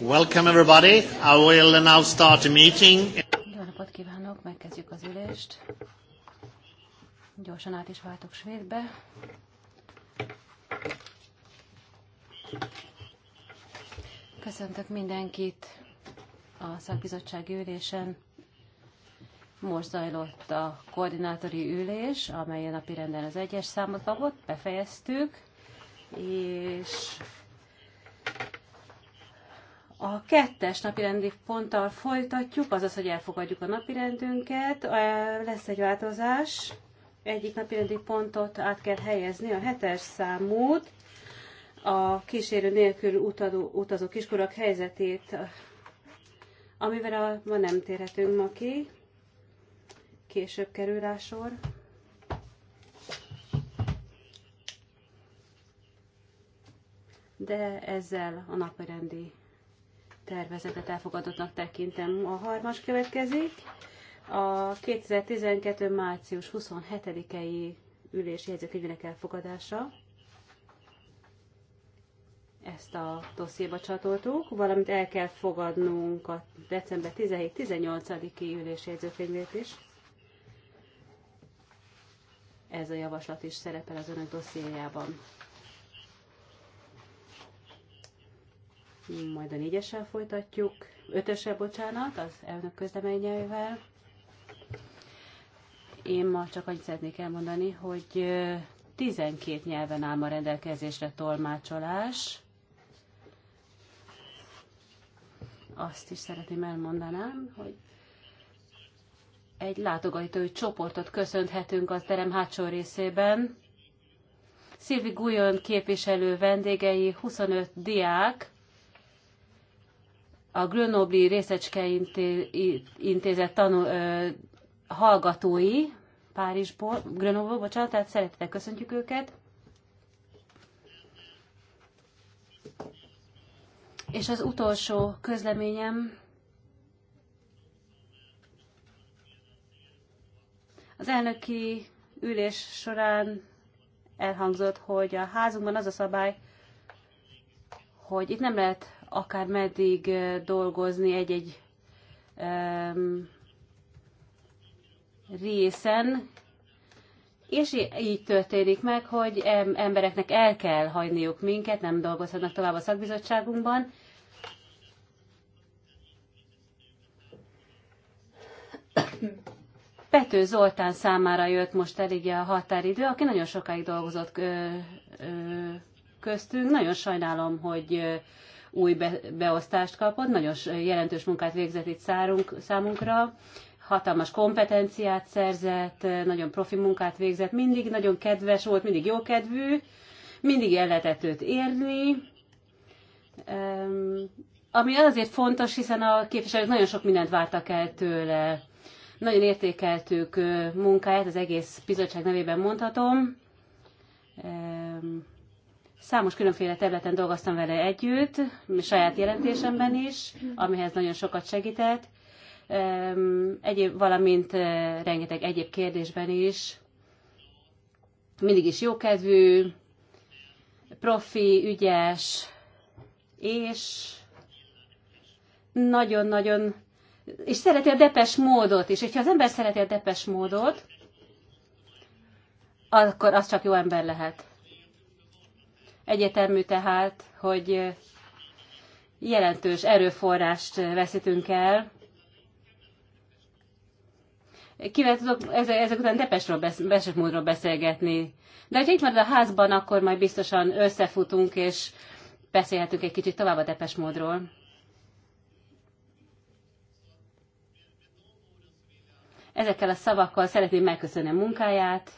Welcome everybody. I will now start a meeting. Jó napot kívánok, megkezdjük az ülést. Gyorsan át is váltok svédbe. Köszöntök mindenkit a szakbizottság ülésen. Most zajlott a koordinátori ülés, amely a napi renden az egyes számot kapott, befejeztük, és a kettes napirendi ponttal folytatjuk, azaz, hogy elfogadjuk a napirendünket. Lesz egy változás. Egyik napirendi pontot át kell helyezni, a hetes számút, a kísérő nélkül utazó, utazó kiskorak helyzetét, amivel a, ma nem térhetünk ma ki. Később kerül rá sor. De ezzel a napirendi tervezetet elfogadottnak tekintem. A harmas következik. A 2012. március 27-i ülési jegyzőkönyvének elfogadása. Ezt a dossziéba csatoltuk, valamint el kell fogadnunk a december 17-18-i ülési jegyzőkönyvét is. Ez a javaslat is szerepel az önök dossziéjában. Majd a négyessel folytatjuk, ötössel, bocsánat, az elnök közleményeivel. Én ma csak annyit szeretnék elmondani, hogy 12 nyelven áll ma rendelkezésre tolmácsolás. Azt is szeretném elmondanám, hogy egy látogatói csoportot köszönhetünk az terem hátsó részében. Szilvi Gujon képviselő vendégei, 25 diák, a Grönobli részecske intézet tanul, ö, hallgatói Párizsból, Grönobli, bocsánat, tehát szeretettel köszöntjük őket. És az utolsó közleményem az elnöki ülés során elhangzott, hogy a házunkban az a szabály, hogy itt nem lehet akár meddig eh, dolgozni egy-egy részen, és így történik meg, hogy embereknek el kell hagyniuk minket, nem dolgozhatnak tovább a szakbizottságunkban. Pető Zoltán számára jött most elég a határidő, aki nagyon sokáig dolgozott köztünk. Nagyon sajnálom, hogy új beosztást kapott, nagyon jelentős munkát végzett itt szárunk, számunkra, hatalmas kompetenciát szerzett, nagyon profi munkát végzett, mindig nagyon kedves volt, mindig jókedvű, mindig el lehetett őt érni, ami azért fontos, hiszen a képviselők nagyon sok mindent vártak el tőle. Nagyon értékeltük munkáját, az egész bizottság nevében mondhatom Számos különféle területen dolgoztam vele együtt, saját jelentésemben is, amihez nagyon sokat segített, egyéb, valamint eh, rengeteg egyéb kérdésben is. Mindig is jókedvű, profi, ügyes, és nagyon-nagyon, és szereti a depes módot is. És ha az ember szereti a depes módot, akkor az csak jó ember lehet. Egyetemű tehát, hogy jelentős erőforrást veszítünk el. Kivel tudok ezek, ezek után Depesről, Besesmódról beszélgetni. De ha itt marad a házban, akkor majd biztosan összefutunk, és beszélhetünk egy kicsit tovább a Depesmódról. Ezekkel a szavakkal szeretném megköszönni a munkáját,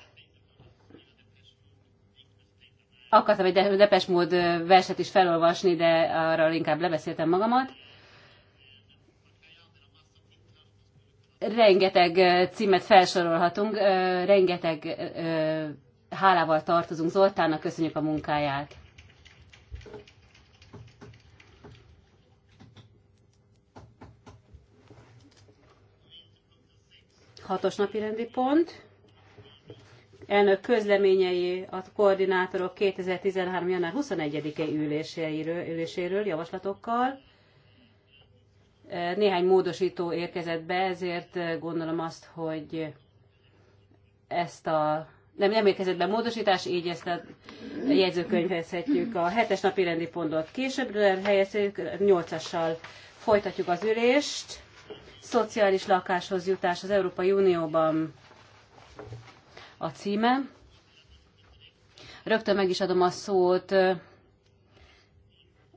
akartam egy depes mód verset is felolvasni, de arra inkább lebeszéltem magamat. Rengeteg címet felsorolhatunk, rengeteg hálával tartozunk Zoltánnak, köszönjük a munkáját. Hatos napi rendi pont elnök közleményei a koordinátorok 2013. január 21-i üléséről, üléséről javaslatokkal. Néhány módosító érkezett be, ezért gondolom azt, hogy ezt a nem, nem érkezett be módosítás, így ezt a jegyzőkönyvezhetjük. A hetes napi rendi pontot későbbre helyezzük, nyolcassal folytatjuk az ülést. Szociális lakáshoz jutás az Európai Unióban a címe. Rögtön meg is adom a szót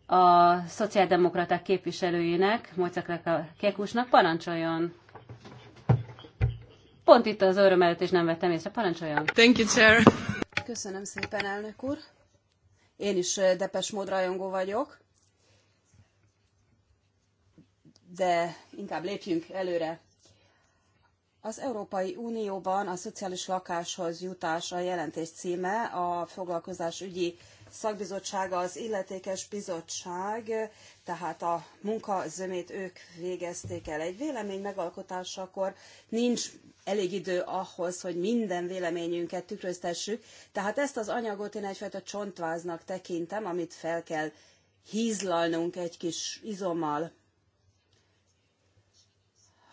a szociáldemokraták képviselőjének, Mojcakraka Kekusnak. Parancsoljon! Pont itt az öröm előtt, és nem vettem észre. Parancsoljon! Thank you, Chair! Köszönöm szépen, elnök úr! Én is depes mód rajongó vagyok, de inkább lépjünk előre. Az Európai Unióban a szociális lakáshoz jutás a jelentés címe, a foglalkozás szakbizottsága az illetékes bizottság, tehát a munka zömét ők végezték el. Egy vélemény megalkotásakor nincs elég idő ahhoz, hogy minden véleményünket tükröztessük, tehát ezt az anyagot én egyfajta csontváznak tekintem, amit fel kell hízlalnunk egy kis izommal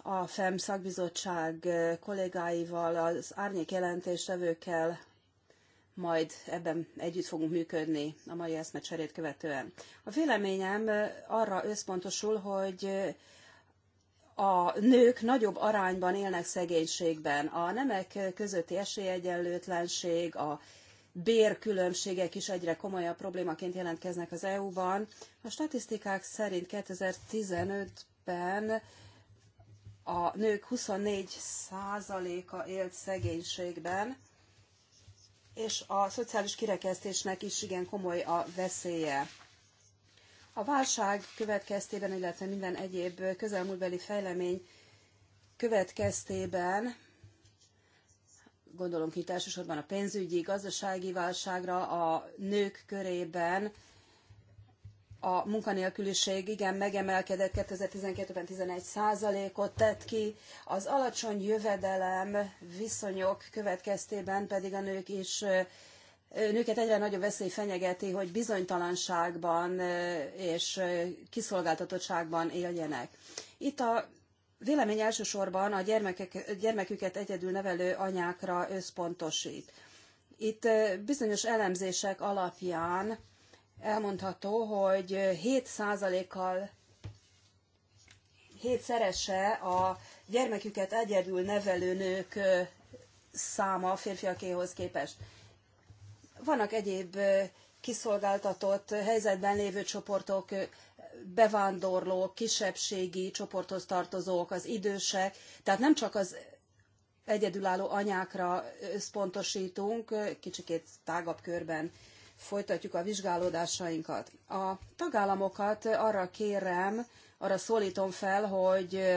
a FEM szakbizottság kollégáival, az árnyék jelentéstevőkkel majd ebben együtt fogunk működni a mai eszmecserét követően. A véleményem arra összpontosul, hogy a nők nagyobb arányban élnek szegénységben. A nemek közötti esélyegyenlőtlenség, a bérkülönbségek is egyre komolyabb problémaként jelentkeznek az EU-ban. A statisztikák szerint 2015-ben a nők 24%-a élt szegénységben, és a szociális kirekesztésnek is igen komoly a veszélye. A válság következtében, illetve minden egyéb közelmúltbeli fejlemény következtében, gondolom ki elsősorban a pénzügyi, gazdasági válságra, a nők körében a munkanélküliség igen megemelkedett, 2012-ben 11 százalékot tett ki, az alacsony jövedelem viszonyok következtében pedig a nők is nőket egyre nagyobb veszély fenyegeti, hogy bizonytalanságban és kiszolgáltatottságban éljenek. Itt a vélemény elsősorban a gyermekek, gyermeküket egyedül nevelő anyákra összpontosít. Itt bizonyos elemzések alapján elmondható, hogy 7%-kal hétszerese a gyermeküket egyedül nevelő nők száma férfiakéhoz képest. Vannak egyéb kiszolgáltatott helyzetben lévő csoportok, bevándorlók, kisebbségi csoporthoz tartozók, az idősek, tehát nem csak az egyedülálló anyákra összpontosítunk, kicsikét tágabb körben folytatjuk a vizsgálódásainkat. A tagállamokat arra kérem, arra szólítom fel, hogy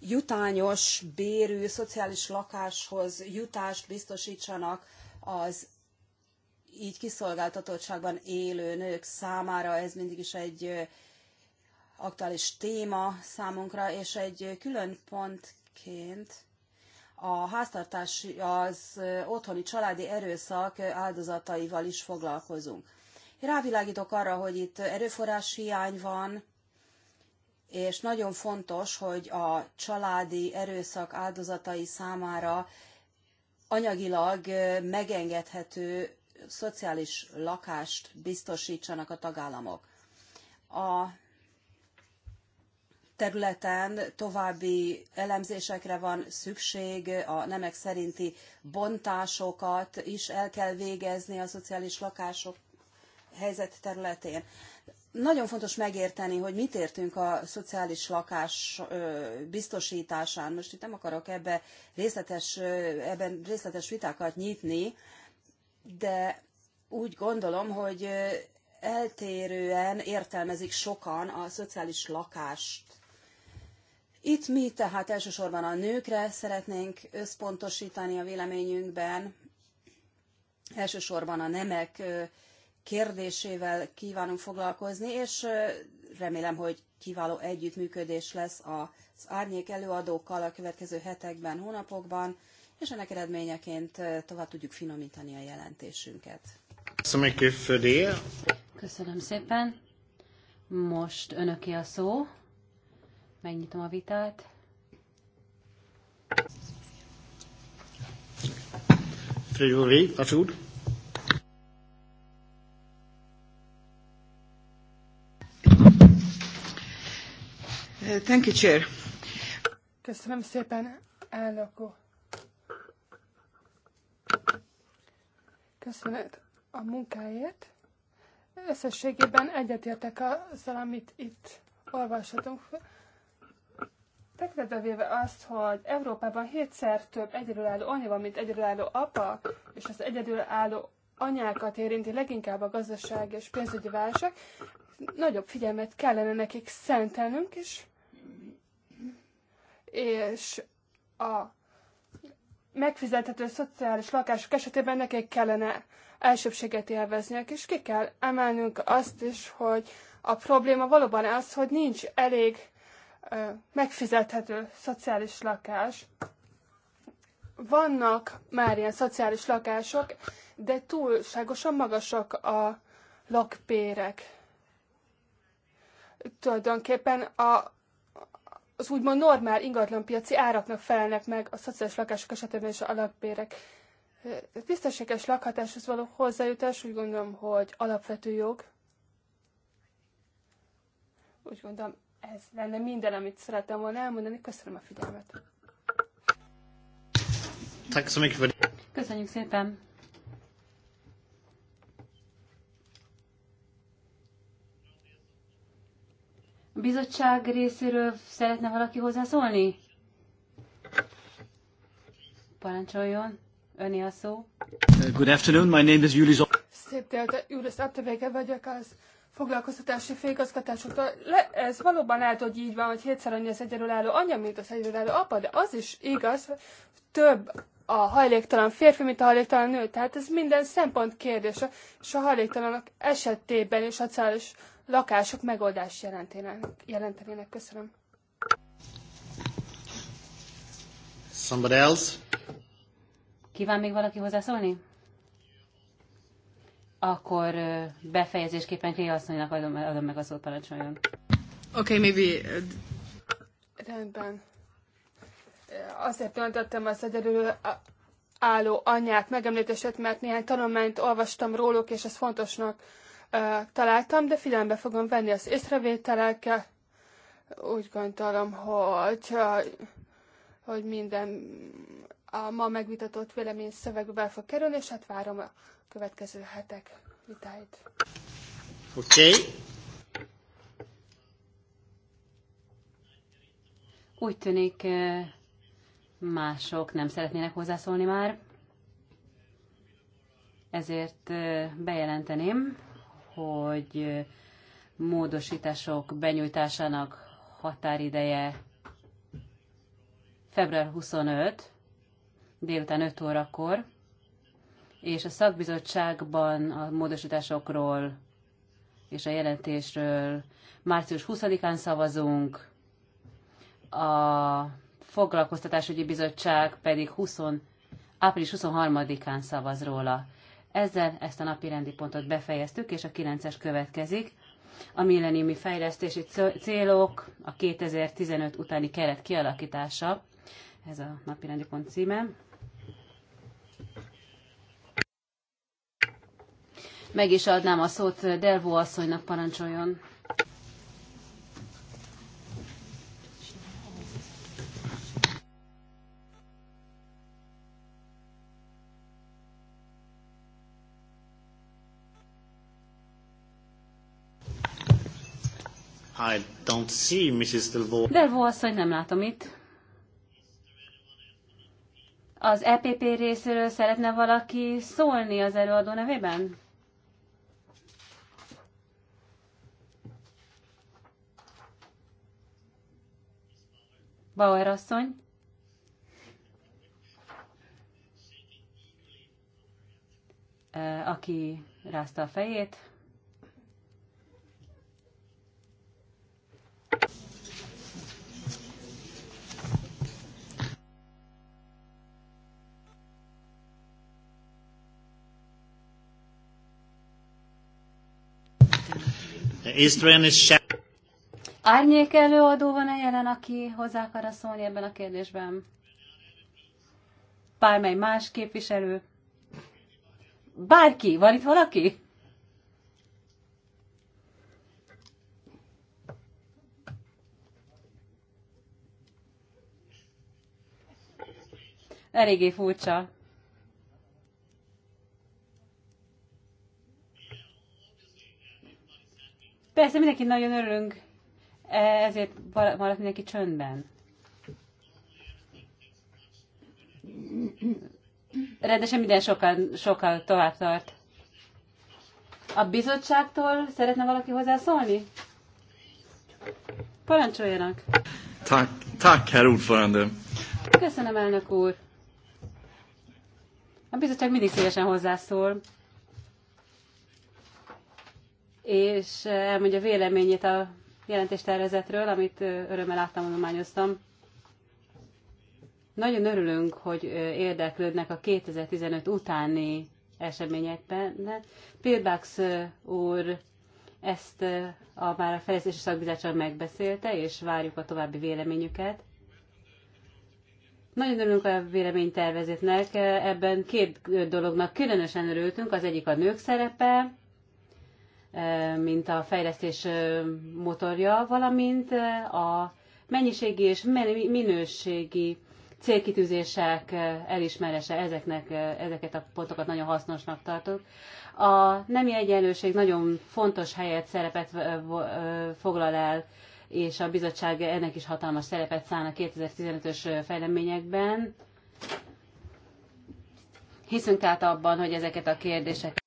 jutányos bérű szociális lakáshoz jutást biztosítsanak az így kiszolgáltatottságban élő nők számára. Ez mindig is egy aktuális téma számunkra, és egy külön pontként a háztartási, az otthoni családi erőszak áldozataival is foglalkozunk. Rávilágítok arra, hogy itt erőforrás hiány van, és nagyon fontos, hogy a családi erőszak áldozatai számára anyagilag megengedhető szociális lakást biztosítsanak a tagállamok. A területen további elemzésekre van szükség, a nemek szerinti bontásokat is el kell végezni a szociális lakások helyzet területén. Nagyon fontos megérteni, hogy mit értünk a szociális lakás biztosításán. Most itt nem akarok ebbe részletes, ebben részletes vitákat nyitni, de úgy gondolom, hogy eltérően értelmezik sokan a szociális lakást itt mi tehát elsősorban a nőkre szeretnénk összpontosítani a véleményünkben, elsősorban a nemek kérdésével kívánunk foglalkozni, és remélem, hogy kiváló együttműködés lesz az árnyék előadókkal a következő hetekben, hónapokban, és ennek eredményeként tovább tudjuk finomítani a jelentésünket. Köszönöm szépen. Most önöké a szó. Megnyitom a vitát. Thank you, Chair. Köszönöm szépen, elnök úr. Köszönet a munkáért. Összességében egyetértek azzal, amit itt olvashatunk. Tekintetbe véve azt, hogy Európában hétszer több egyedülálló anya van, mint egyedülálló apa, és az egyedülálló anyákat érinti leginkább a gazdaság és pénzügyi válság, nagyobb figyelmet kellene nekik szentelnünk, és, és a megfizethető szociális lakások esetében nekik kellene elsőbséget élvezniük, és ki kell emelnünk azt is, hogy a probléma valóban az, hogy nincs elég megfizethető szociális lakás. Vannak már ilyen szociális lakások, de túlságosan magasak a lakbérek. Tulajdonképpen a, az úgymond normál ingatlanpiaci áraknak felelnek meg a szociális lakások esetében és a lakbérek. Tisztességes lakhatáshoz való hozzájutás úgy gondolom, hogy alapvető jog. Úgy gondolom, ez lenne minden, amit szerettem volna elmondani. Köszönöm a figyelmet. Köszönjük szépen. A bizottság részéről szeretne valaki hozzászólni? Parancsoljon, öné a szó. Good afternoon, my name is Julius. Szép délte, Julius Apteveke vagyok az foglalkoztatási főigazgatásoktól. Le, ez valóban lehet, hogy így van, hogy hétszer annyi az egyedülálló anya, mint az egyedülálló apa, de az is igaz, hogy több a hajléktalan férfi, mint a hajléktalan nő. Tehát ez minden szempont kérdése, és a hajléktalanok esetében is a szociális lakások megoldást jelentenének. jelentenének. Köszönöm. Somebody else? Kíván még valaki hozzászólni? akkor befejezésképpen Kréa asszonynak adom, adom meg a szót, parancsoljon. Oké, okay, maybe... Uh, Rendben. Azért döntöttem az egyedül álló anyák megemlítését, mert néhány tanulmányt olvastam róluk, és ezt fontosnak találtam, de figyelembe fogom venni az észrevételeket. Úgy gondolom, hogy, hogy minden a ma megvitatott vélemény szövegbe fog kerülni, és hát várom a következő hetek vitáit. Oké. Okay. Úgy tűnik, eh, mások nem szeretnének hozzászólni már, ezért eh, bejelenteném, hogy eh, módosítások benyújtásának határideje február 25, délután 5 órakor, és a szakbizottságban a módosításokról és a jelentésről március 20-án szavazunk, a foglalkoztatásügyi bizottság pedig 20, április 23-án szavaz róla. Ezzel ezt a napi rendi pontot befejeztük, és a 9-es következik. A milleniumi fejlesztési célok, a 2015 utáni keret kialakítása, ez a napi rendi pont címe. meg is adnám a szót Delvó asszonynak parancsoljon. I don't see Mrs. Delvo. Delvo asszony nem látom itt. Az EPP részéről szeretne valaki szólni az előadó nevében? Bauer asszony. aki rázta a fejét. Israel is Árnyék előadó van-e jelen, aki hozzá akar szólni ebben a kérdésben? Bármely más képviselő? Bárki? Van itt valaki? Eléggé furcsa. Persze, mindenki nagyon örülünk ezért maradt mindenki csöndben. Rendesen minden sokkal, sokkal tovább tart. A bizottságtól szeretne valaki hozzászólni? Parancsoljanak! Tak, tak, herr ordförande! Köszönöm, elnök úr! A bizottság mindig szívesen hozzászól, és elmondja véleményét a jelentéstervezetről, amit örömmel áttanulmányoztam. Nagyon örülünk, hogy érdeklődnek a 2015 utáni eseményekben. Pilbax úr ezt a, már a Fejlesztési Szakbizottság megbeszélte, és várjuk a további véleményüket. Nagyon örülünk a véleménytervezetnek, ebben két dolognak különösen örültünk, az egyik a nők szerepe, mint a fejlesztés motorja, valamint a mennyiségi és minőségi célkitűzések elismerése, ezeknek, ezeket a pontokat nagyon hasznosnak tartok. A nemi egyenlőség nagyon fontos helyet, szerepet foglal el, és a bizottság ennek is hatalmas szerepet szán a 2015-ös fejleményekben. Hiszünk át abban, hogy ezeket a kérdéseket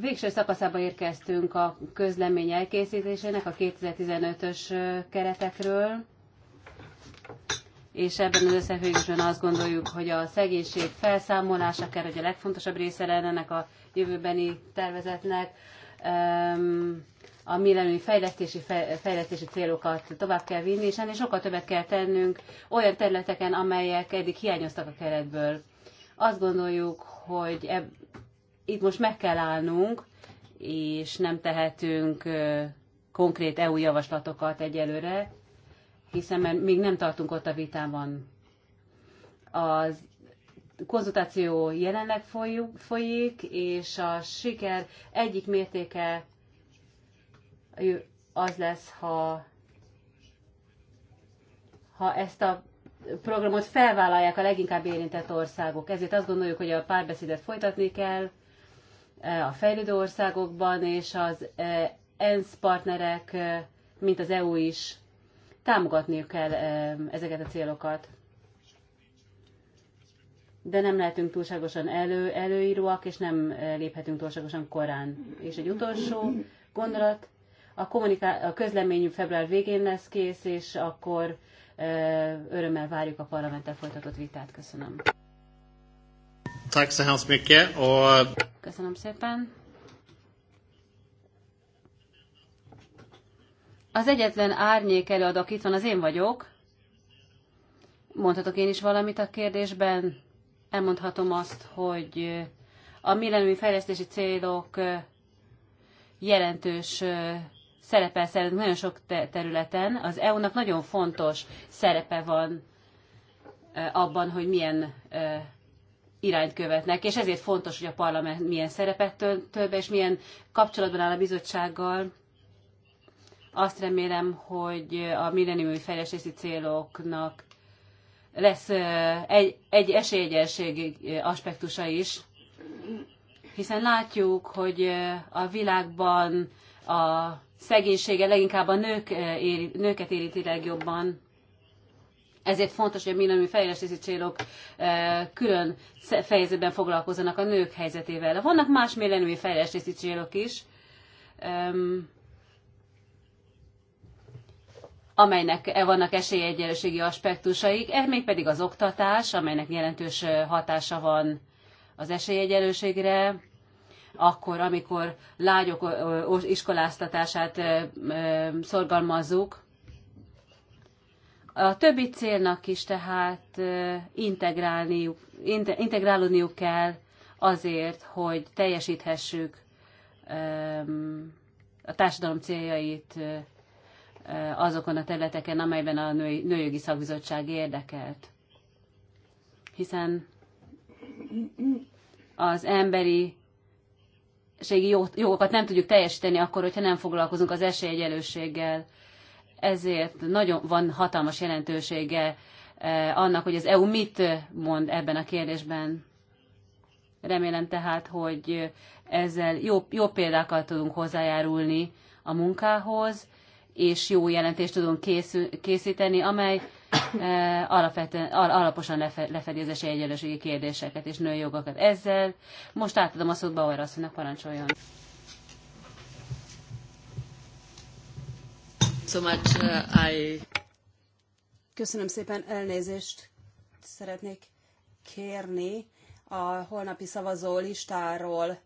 végső szakaszába érkeztünk a közlemény elkészítésének a 2015-ös keretekről, és ebben az összefüggésben azt gondoljuk, hogy a szegénység felszámolása kell, hogy a legfontosabb része lenne ennek a jövőbeni tervezetnek. A millenői fejlesztési, fejlesztési célokat tovább kell vinni, és ennél sokkal többet kell tennünk olyan területeken, amelyek eddig hiányoztak a keretből. Azt gondoljuk, hogy itt most meg kell állnunk, és nem tehetünk konkrét EU javaslatokat egyelőre, hiszen még nem tartunk ott a vitában. A konzultáció jelenleg folyik, és a siker egyik mértéke az lesz, ha, ha ezt a programot felvállalják a leginkább érintett országok. Ezért azt gondoljuk, hogy a párbeszédet folytatni kell, a fejlődő országokban, és az e, ENSZ partnerek, e, mint az EU is támogatniuk kell e, ezeket a célokat. De nem lehetünk túlságosan elő, előíróak, és nem léphetünk túlságosan korán. És egy utolsó gondolat, a, kommunikál, a közleményünk február végén lesz kész, és akkor örömmel várjuk a parlamenttel folytatott vitát. Köszönöm. Tack så hemskt mycket. Och... Köszönöm szépen. Az egyetlen árnyék előadó, itt van, az én vagyok. Mondhatok én is valamit a kérdésben? Elmondhatom azt, hogy a millenniumi fejlesztési célok jelentős szerepe szerint nagyon sok területen. Az EU-nak nagyon fontos szerepe van abban, hogy milyen irányt követnek, és ezért fontos, hogy a parlament milyen szerepet tölt be, és milyen kapcsolatban áll a bizottsággal. Azt remélem, hogy a milleniumi fejlesztési céloknak lesz egy, egy esélyegyenség aspektusa is, hiszen látjuk, hogy a világban a szegénysége leginkább a nők éri, nőket érinti legjobban, ezért fontos, hogy a millenniumi fejlesztési célok e, külön fejezetben foglalkozzanak a nők helyzetével. Vannak más millenniumi fejlesztési célok is, amelynek e, vannak esélyegyenlőségi aspektusaik, ez még pedig az oktatás, amelynek jelentős e, hatása van az esélyegyenlőségre, akkor, amikor lányok iskoláztatását szorgalmazzuk, a többi célnak is tehát integrálniuk, integrálódniuk kell azért, hogy teljesíthessük a társadalom céljait azokon a területeken, amelyben a Nőjogi Szakbizottság érdekelt. Hiszen az emberi jogokat nem tudjuk teljesíteni akkor, hogyha nem foglalkozunk az esélyegyelősséggel, ezért nagyon van hatalmas jelentősége eh, annak, hogy az EU mit mond ebben a kérdésben. Remélem tehát, hogy ezzel jó, jó példákkal tudunk hozzájárulni a munkához, és jó jelentést tudunk készül, készíteni, amely eh, alapvetően, al, alaposan lefe, lefedi az esélyegyenlőségi kérdéseket és nőjogokat. Ezzel most átadom a szót Bauer asszonynak, parancsoljon. so much. Uh, I... Köszönöm szépen, elnézést szeretnék kérni. A holnapi szavazó listáról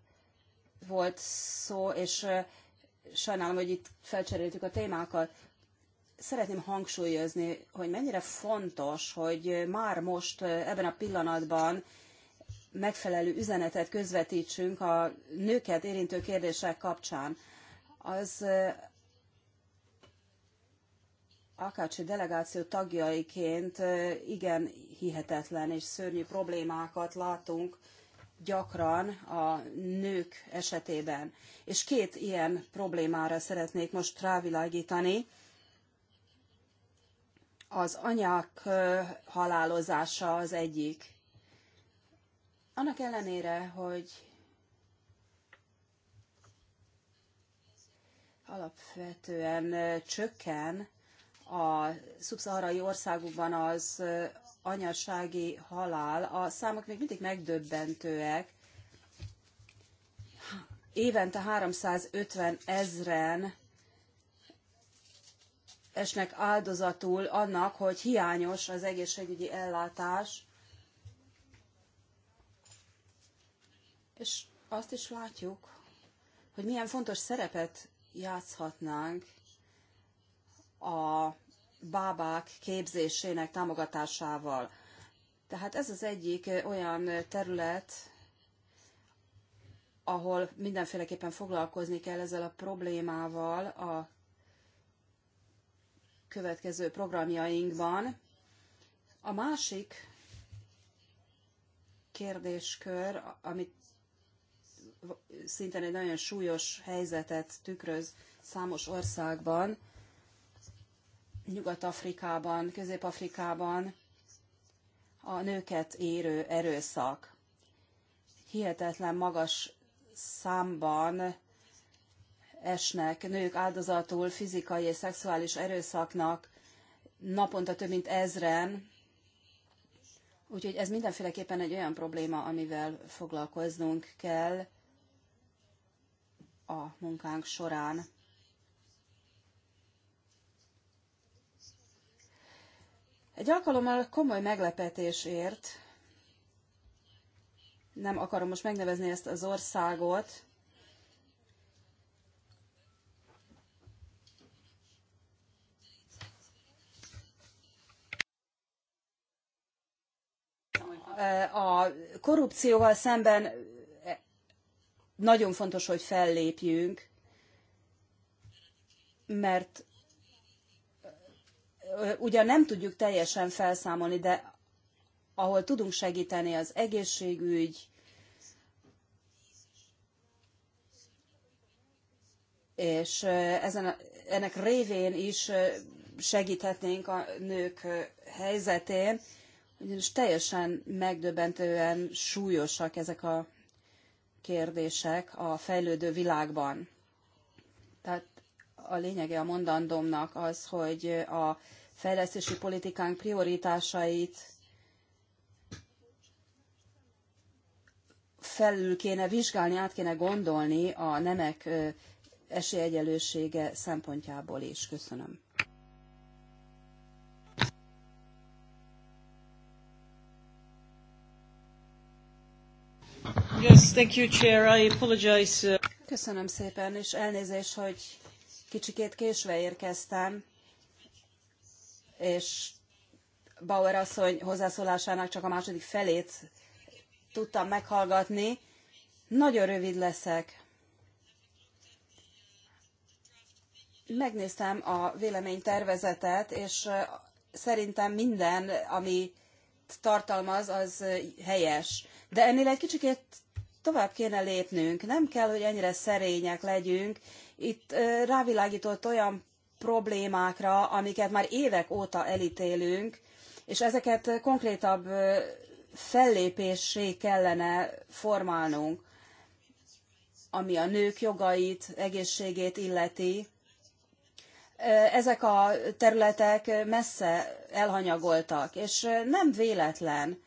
volt szó, és uh, sajnálom, hogy itt felcseréltük a témákat. Szeretném hangsúlyozni, hogy mennyire fontos, hogy már most uh, ebben a pillanatban megfelelő üzenetet közvetítsünk a nőket érintő kérdések kapcsán. Az uh, Akácsi delegáció tagjaiként igen hihetetlen és szörnyű problémákat látunk gyakran a nők esetében. És két ilyen problémára szeretnék most rávilágítani. Az anyák halálozása az egyik. Annak ellenére, hogy alapvetően csökken a szubszaharai országokban az anyasági halál, a számok még mindig megdöbbentőek. Évente 350 ezren esnek áldozatul annak, hogy hiányos az egészségügyi ellátás. És azt is látjuk, hogy milyen fontos szerepet játszhatnánk a bábák képzésének támogatásával. Tehát ez az egyik olyan terület, ahol mindenféleképpen foglalkozni kell ezzel a problémával a következő programjainkban. A másik kérdéskör, amit szintén egy nagyon súlyos helyzetet tükröz számos országban, Nyugat-Afrikában, Közép-Afrikában a nőket érő erőszak. Hihetetlen magas számban esnek nők áldozatul fizikai és szexuális erőszaknak, naponta több mint ezren, Úgyhogy ez mindenféleképpen egy olyan probléma, amivel foglalkoznunk kell a munkánk során. Egy alkalommal komoly meglepetés ért, nem akarom most megnevezni ezt az országot, a korrupcióval szemben nagyon fontos, hogy fellépjünk, mert ugyan nem tudjuk teljesen felszámolni, de ahol tudunk segíteni az egészségügy, és ezen ennek révén is segíthetnénk a nők helyzetén, ugyanis teljesen megdöbbentően súlyosak ezek a kérdések a fejlődő világban. Tehát a lényege a mondandómnak az, hogy a fejlesztési politikánk prioritásait felül kéne vizsgálni, át kéne gondolni a nemek esélyegyelősége szempontjából is. Köszönöm. Yes, thank you, Chair. I apologize. Uh, Köszönöm szépen, és elnézést, hogy kicsikét késve érkeztem és Bauer asszony hozzászólásának csak a második felét tudtam meghallgatni. Nagyon rövid leszek. Megnéztem a véleménytervezetet, és szerintem minden, ami tartalmaz, az helyes. De ennél egy kicsikét tovább kéne lépnünk. Nem kell, hogy ennyire szerények legyünk. Itt rávilágított olyan problémákra, amiket már évek óta elítélünk, és ezeket konkrétabb fellépésé kellene formálnunk, ami a nők jogait, egészségét illeti. Ezek a területek messze elhanyagoltak, és nem véletlen,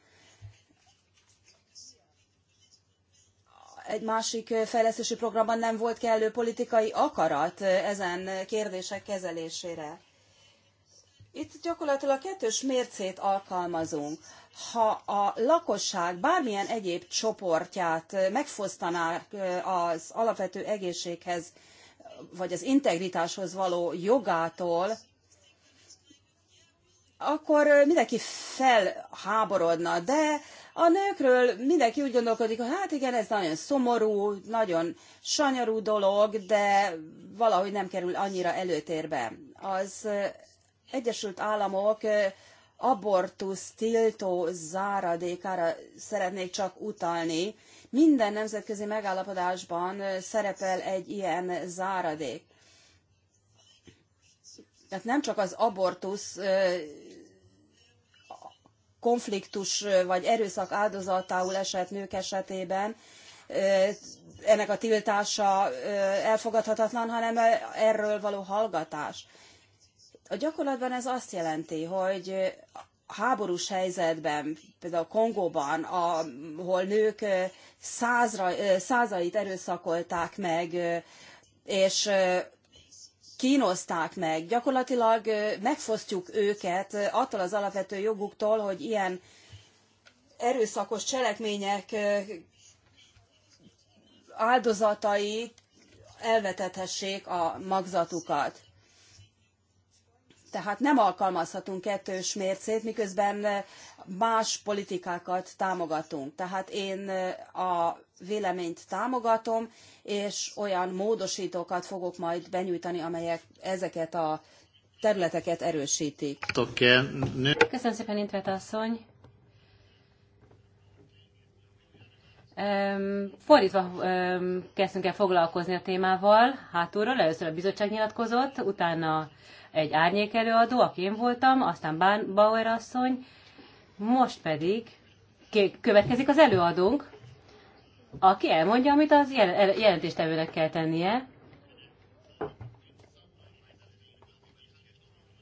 egy másik fejlesztési programban nem volt kellő politikai akarat ezen kérdések kezelésére. Itt gyakorlatilag kettős mércét alkalmazunk. Ha a lakosság bármilyen egyéb csoportját megfosztanák az alapvető egészséghez, vagy az integritáshoz való jogától, akkor mindenki felháborodna, de a nőkről mindenki úgy gondolkodik, hogy hát igen, ez nagyon szomorú, nagyon sanyarú dolog, de valahogy nem kerül annyira előtérbe. Az Egyesült Államok abortusz tiltó záradékára szeretnék csak utalni. Minden nemzetközi megállapodásban szerepel egy ilyen záradék. Tehát nem csak az abortusz konfliktus vagy erőszak áldozatául esett nők esetében ennek a tiltása elfogadhatatlan, hanem erről való hallgatás. A gyakorlatban ez azt jelenti, hogy háborús helyzetben, például Kongóban, ahol nők százra, százait erőszakolták meg, és kínozták meg. Gyakorlatilag megfosztjuk őket attól az alapvető joguktól, hogy ilyen erőszakos cselekmények áldozatai elvetethessék a magzatukat. Tehát nem alkalmazhatunk kettős mércét, miközben más politikákat támogatunk. Tehát én eh, a véleményt támogatom, és olyan módosítókat fogok majd benyújtani, amelyek ezeket a területeket erősítik. Köszönöm szépen, Intret asszony! Um, fordítva um, kezdtünk el foglalkozni a témával, hátulról először a bizottság nyilatkozott, utána egy árnyék előadó, aki én voltam, aztán Bauer asszony, most pedig következik az előadónk, aki elmondja, amit az jelentéstevőnek kell tennie.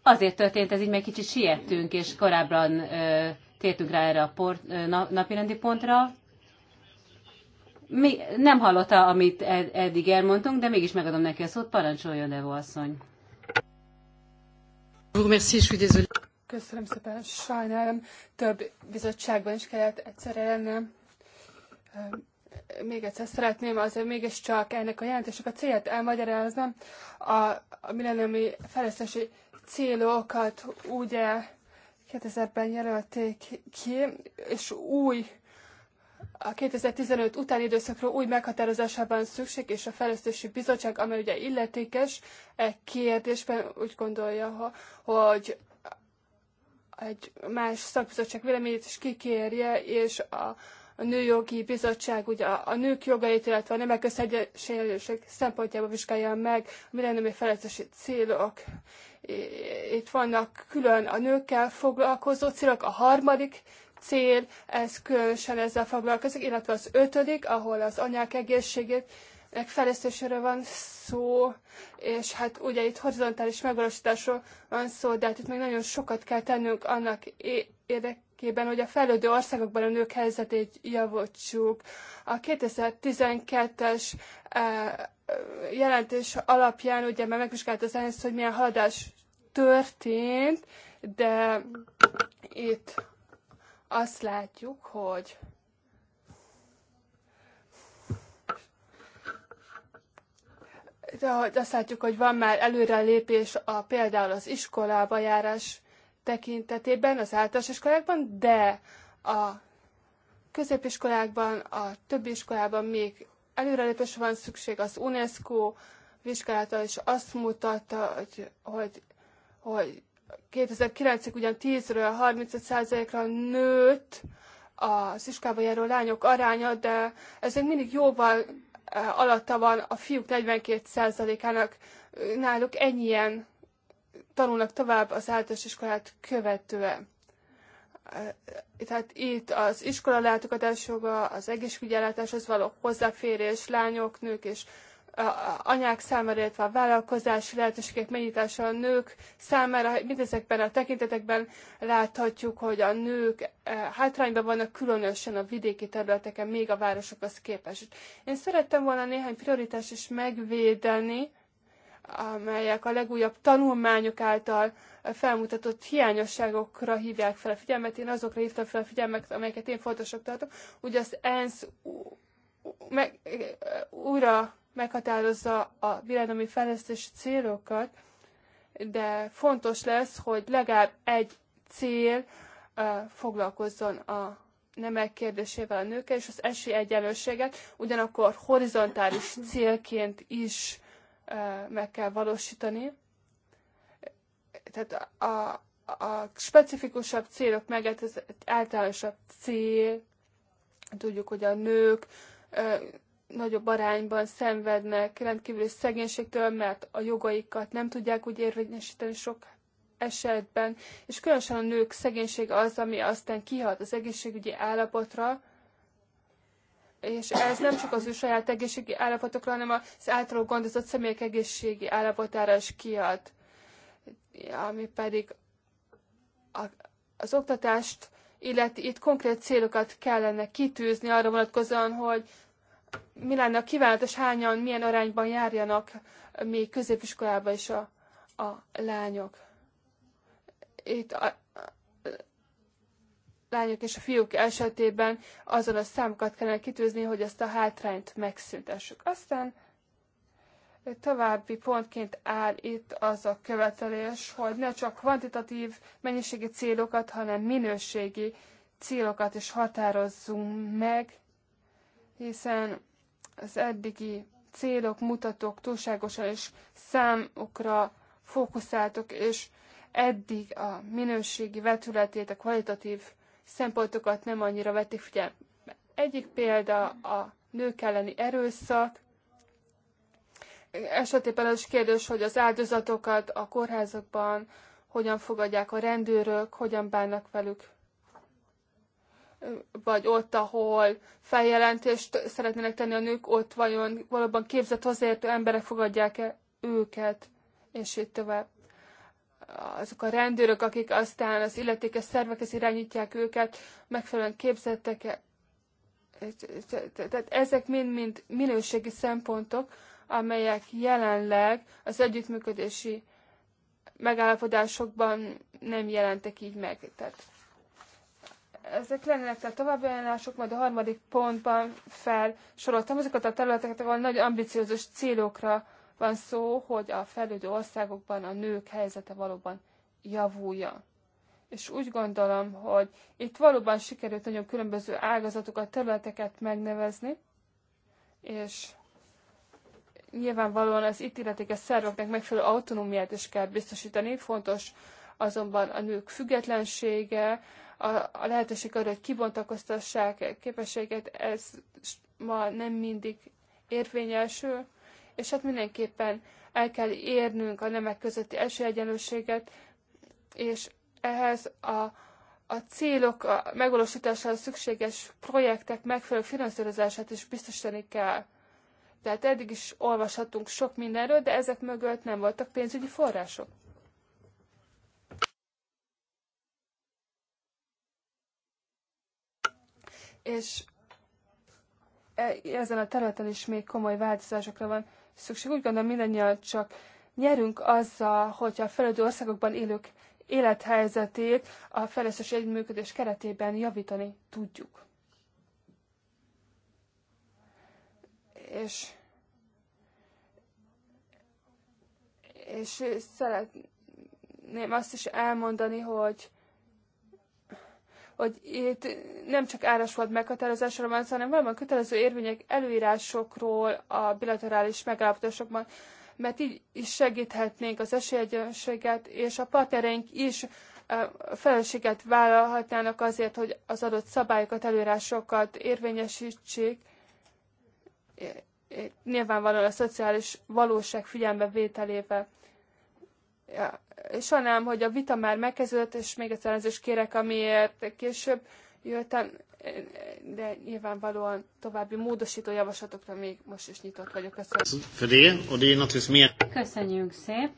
Azért történt ez így, mert kicsit siettünk, és korábban ö, tértünk rá erre a port, ö, napirendi pontra. Mi, nem hallotta, amit ed- eddig elmondtunk, de mégis megadom neki a szót, parancsoljon, Evo asszony. Köszönöm szépen, sajnálom, több bizottságban is kellett egyszerre lennem. Még egyszer szeretném azért mégiscsak ennek a jelentésnek a célját elmagyaráznom. A, a millenniumi fejlesztési célokat ugye 2000-ben jelölték ki, és új a 2015 utáni időszakról új meghatározásában szükség, és a Fejlesztési Bizottság, amely ugye illetékes e kérdésben úgy gondolja, hogy egy más szakbizottság véleményét is kikérje, és a, a Nőjogi Bizottság ugye a, nők jogait, illetve a nemek összeegyenlőség szempontjából vizsgálja meg a millenniumi fejlesztési célok. Itt vannak külön a nőkkel foglalkozó célok, a harmadik cél, ez különösen ezzel foglalkozik, illetve az ötödik, ahol az anyák egészségét fejlesztéséről van szó, és hát ugye itt horizontális megvalósításról van szó, de hát itt még nagyon sokat kell tennünk annak érdekében, hogy a fejlődő országokban a nők helyzetét javítsuk. A 2012-es eh, jelentés alapján ugye már megvizsgált az ENSZ, hogy milyen haladás történt, de itt azt látjuk, hogy de azt látjuk, hogy van már előrelépés a, például az iskolába járás tekintetében, az általános iskolákban, de a középiskolákban, a többi iskolában még előrelépés van szükség. Az UNESCO vizsgálata is azt mutatta, hogy, hogy, hogy 2009-ig ugyan 10-ről 35%-ra nőtt az iskába járó lányok aránya, de ez még mindig jóval e, alatta van a fiúk 42%-ának. Náluk ennyien tanulnak tovább az általános iskolát követően. E, tehát itt az iskola látogatásoga, az egészségügyi ellátáshoz való hozzáférés, lányok, nők és anyák számára, illetve a vállalkozási lehetőségek megnyitása a nők számára. Mindezekben a tekintetekben láthatjuk, hogy a nők e, hátrányban vannak, különösen a vidéki területeken, még a városokhoz képest. Én szerettem volna néhány prioritást is megvédeni, amelyek a legújabb tanulmányok által felmutatott hiányosságokra hívják fel a figyelmet. Én azokra hívtam fel a figyelmet, amelyeket én fontosnak tartok. Ugye az ENSZ meg, e, újra meghatározza a birodalmi fejlesztési célokat, de fontos lesz, hogy legalább egy cél foglalkozzon a nemek kérdésével a nőkkel, és az egyenlőséget ugyanakkor horizontális célként is meg kell valósítani. Tehát a, a specifikusabb célok meg, az általánosabb cél, tudjuk, hogy a nők nagyobb arányban szenvednek rendkívüli szegénységtől, mert a jogaikat nem tudják úgy érvényesíteni sok esetben, és különösen a nők szegénysége az, ami aztán kihat az egészségügyi állapotra, és ez nem csak az ő saját egészségi állapotokra, hanem az általuk gondozott személyek egészségi állapotára is kihat, ami pedig a, az oktatást illeti itt konkrét célokat kellene kitűzni arra vonatkozóan, hogy mi lenne a kívánatos hányan, milyen arányban járjanak eh, még középiskolába is a, a lányok. Itt a, lányok és a fiúk esetében azon a számokat kellene kitűzni, hogy ezt a hátrányt megszüntessük. Aztán eh, további pontként áll itt az a követelés, hogy ne csak kvantitatív mennyiségi célokat, hanem minőségi célokat is határozzunk meg, hiszen az eddigi célok, mutatók túlságosan és számokra fókuszáltok, és eddig a minőségi vetületét, a kvalitatív szempontokat nem annyira vették figyelme. Egyik példa a nők elleni erőszak, esetében az is kérdés, hogy az áldozatokat a kórházakban hogyan fogadják a rendőrök, hogyan bánnak velük vagy ott, ahol feljelentést szeretnének tenni a nők, ott vajon valóban képzett hogy emberek fogadják-e őket, és így tovább. Azok a rendőrök, akik aztán az illetékes szervekhez irányítják őket, megfelelően képzettek -e? Tehát ezek mind-mind minőségi szempontok, amelyek jelenleg az együttműködési megállapodásokban nem jelentek így meg. Tehát ezek lennének a további ajánlások, majd a harmadik pontban felsoroltam azokat a területeket, ahol nagy ambiciózus célokra van szó, hogy a fejlődő országokban a nők helyzete valóban javulja. És úgy gondolom, hogy itt valóban sikerült nagyon különböző ágazatokat, területeket megnevezni, és nyilvánvalóan az itt illetékes szerveknek megfelelő autonómiát is kell biztosítani. Fontos azonban a nők függetlensége, a, a lehetőség arra, hogy kibontakoztassák képességet, ez ma nem mindig érvényesül, és hát mindenképpen el kell érnünk a nemek közötti esélyegyenlőséget, és ehhez a, a célok a megvalósítására szükséges projektek megfelelő finanszírozását is biztosítani kell. Tehát eddig is olvashatunk sok mindenről, de ezek mögött nem voltak pénzügyi források. és e, ezen a területen is még komoly változásokra van szükség. Úgy gondolom mindannyian csak nyerünk azzal, hogyha a fejlődő országokban élők élethelyzetét a fejlesztés együttműködés keretében javítani tudjuk. És, és szeretném azt is elmondani, hogy hogy itt nem csak volt meghatározásra van szó, hanem valóban kötelező érvények előírásokról a bilaterális megállapodásokban, mert így is segíthetnénk az esélyegyenséget, és a partnereink is felelősséget vállalhatnának azért, hogy az adott szabályokat, előírásokat érvényesítsék. Nyilvánvalóan a szociális valóság figyelmevételével. vételével. Ja, sajnálom, hogy a vita már megkezdődött, és még egyszer az is kérek, amiért később jöttem, de nyilvánvalóan további módosító javaslatokra még most is nyitott vagyok. Köszönöm. Köszönjük szép.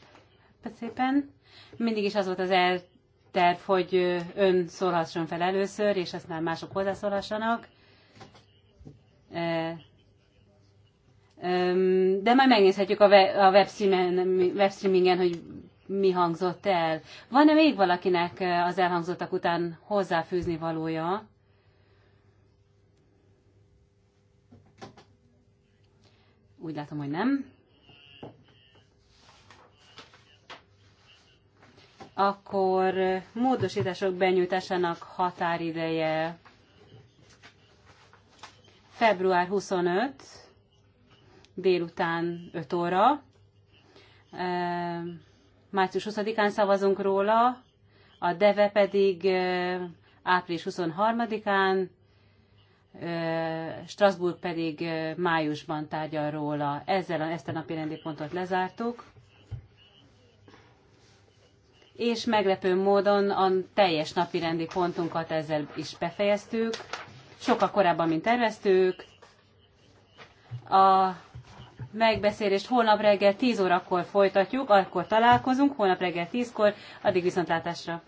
szépen. Mindig is az volt az elterv, hogy ön szólhasson fel először, és aztán mások hozzászólhassanak. De majd megnézhetjük a webstreamingen, hogy mi hangzott el. Van-e még valakinek az elhangzottak után hozzáfűzni valója? Úgy látom, hogy nem. Akkor módosítások benyújtásának határideje február 25 délután 5 óra március 20-án szavazunk róla, a DEVE pedig április 23-án, Strasbourg pedig májusban tárgyal róla. Ezzel ezt a napi rendi pontot lezártuk. És meglepő módon a teljes napi rendi pontunkat ezzel is befejeztük. Sokkal korábban, mint terveztük. A megbeszélést holnap reggel 10 órakor folytatjuk, akkor találkozunk, holnap reggel 10-kor, addig viszontlátásra!